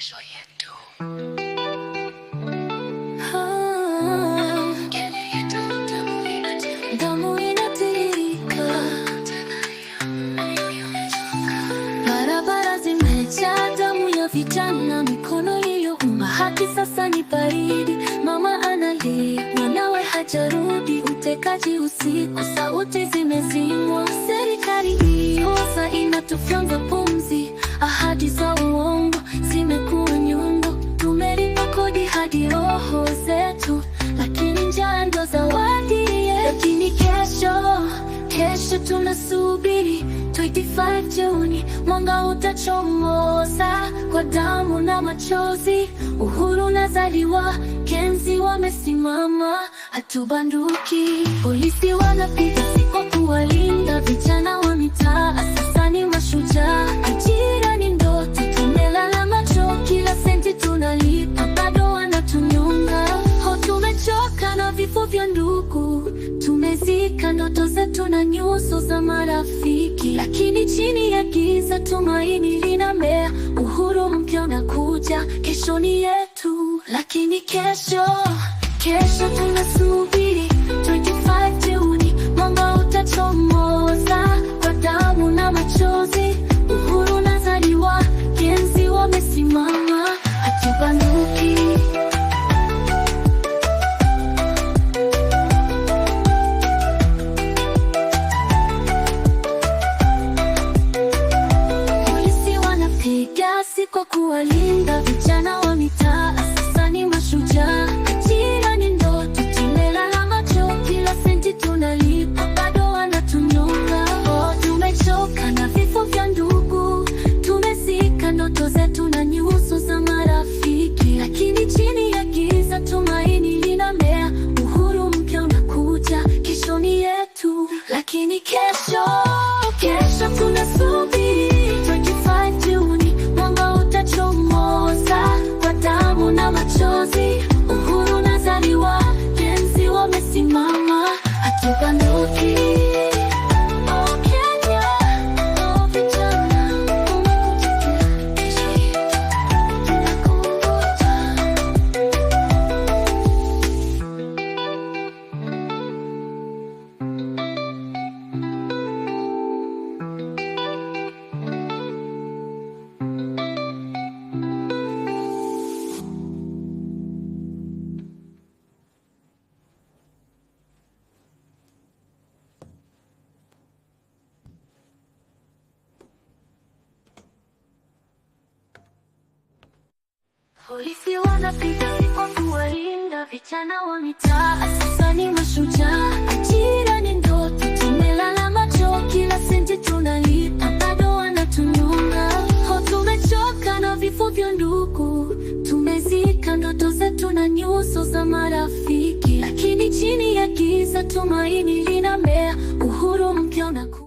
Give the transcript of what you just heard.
estás oyendo? Vijana mikono hiyo iliyouma, haki sasa ni baridi. Mama analia, mwanawe hajarudi. Utekaji usiku, sauti zimezimwa. Serikali ioza inatufya hadi roho zetu, lakini njaa ndo zawadi yetu. Lakini kesho, kesho tunasubiri 25 Juni, mwanga utachomoza kwa damu na machozi, uhuru nazaliwa, kenzi wamesimama, hatubanduki. Polisi wanapita si kwa kuwalinda vijana wa mitaa vya ndugu, tumezika ndoto zetu na nyuso za marafiki, lakini chini ya giza tumaini linamea. Uhuru mpya unakuja, kesho ni yetu, lakini kesho, kesho tunasubiri kwa kuwalinda vijana wa mitaa, sasa ni mashujaa. Ajira ni ndoto, tumelala macho, kila senti tunalipa, bado wanatunyonga. Oh, tumechoka na vifo vya ndugu, tumesika ndoto zetu na nyuso za marafiki, lakini chini ya giza tumaini linamea. Uhuru mpya unakuja, kesho ni yetu, lakini kesho 不管风雨。Polisi wanapiga kwa kuwalinda vijana wa mitaa, sasa ni mashujaa. Ajira ni ndoto, tumelala macho, kila senti tunalipa, bado wanatunyonga. Ho, tumechoka na vifo vya ndugu, tumezika ndoto zetu na nyuso za marafiki, lakini chini ya giza tumaini linamea, uhuru mpya